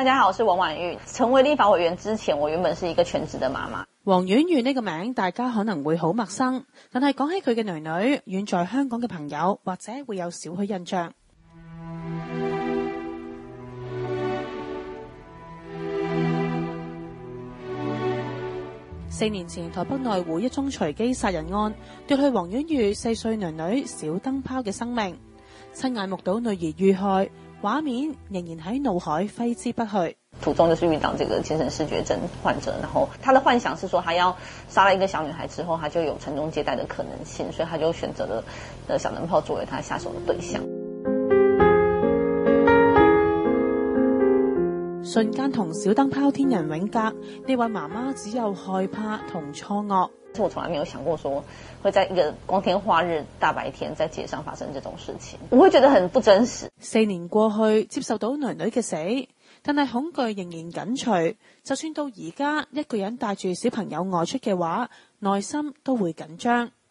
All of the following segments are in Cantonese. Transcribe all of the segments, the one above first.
大家好，我是王婉諭。成為立法委員之前，我原本是一個全職的媽媽。王婉諭呢個名，大家可能會好陌生，但係講起佢嘅女女，遠在香港嘅朋友或者會有少許印象。四年前，台北內湖一宗隨機殺人案，奪去王婉諭四歲女女小燈泡嘅生命，親眼目睹女兒遇害。畫面仍然喺腦海揮之不去。途中就是遇到這個精神失覺症患者，然後他的幻想是說，他要殺了一個小女孩之後，他就有傳宗接代的可能性，所以他就選擇了小燈泡作為他下手的對象。瞬間同小燈泡天人永隔，呢位媽媽只有害怕同錯愕。我從來沒有想過說會在一個光天化日、大白天在街上發生這種事情，我會覺得很不真實。四年過去，接受到囡囡嘅死，但係恐懼仍然緊隨，就算到而家，一個人帶住小朋友外出嘅話，內心都會緊張。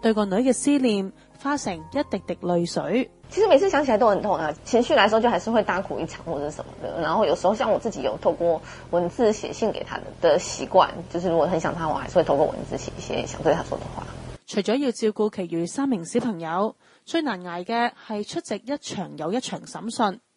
對個女嘅思念化成一滴滴淚水。其實每次想起來都很痛啊，情緒來時候就還是會大哭一場或者什麼的。然後有時候像我自己有透過文字寫信給她的的習慣，就是如果很想她，我還是會透過文字寫一些想對她說的話。除咗要照顧其餘三名小朋友，最難挨嘅係出席一場又一場審訊。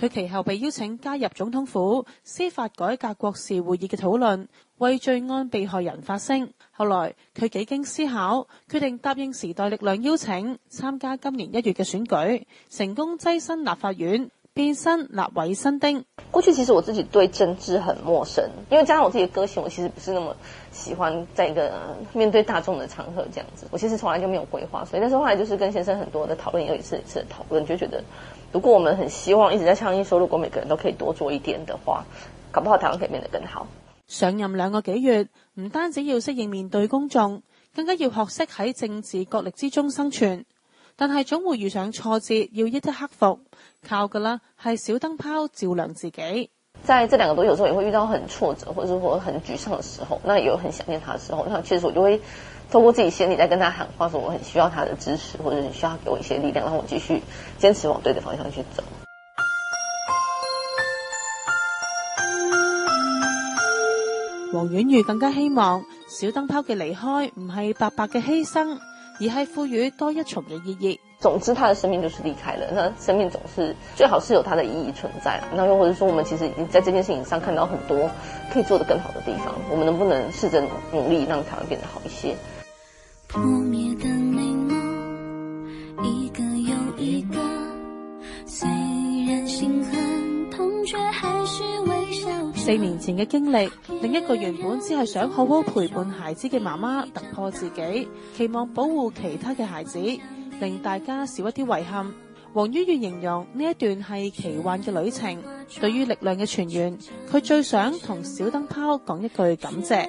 佢其後被邀請加入總統府司法改革國是會議嘅討論，為罪案被害人發聲。後來佢幾經思考，決定答應時代力量邀請，參加今年一月嘅選舉，成功躋身立法院，變身立委新丁。過去其實我自己對政治很陌生，因為加上我自己嘅個性，我其實不是那麼喜歡在一個面對大眾的場合，這樣子，我其實從來就沒有規劃。所以，但是後來就是跟先生很多的討論，有一次一次的討論，就覺得。如果我們很希望一直在倡議，說如果每個人都可以多做一點的話，搞不好台灣可以變得更好。上任兩個幾月，唔單止要適應面對公眾，更加要學識喺政治角力之中生存，但係總會遇上挫折，要一一克服。靠噶啦，係小燈泡照亮自己。在這兩個多月，有時候，也會遇到很挫折，或者我很沮喪的時候，那有很想念他的時候，那其實我就會。透過自己心裏在跟他喊話，說我很需要他的支持，或者你需要給我一些力量，讓我繼續堅持往對的方向去走。王婉諭更加希望小燈泡嘅離開唔係白白嘅犧牲，而係賦予多一重嘅意義。總之，他的生命就是離開了。那生命總是最好是有他的意義存在。那又或者說，我們其實已經在這件事情上看到很多可以做得更好的地方。我們能不能試着努力，讓它變得好一些？四年前嘅經歷，另一個原本只係想好好陪伴孩子嘅媽媽突破自己，期望保護其他嘅孩子，令大家少一啲遺憾。王婉諭形容呢一段係奇幻嘅旅程，對於力量嘅傳援，佢最想同小燈泡講一句感謝。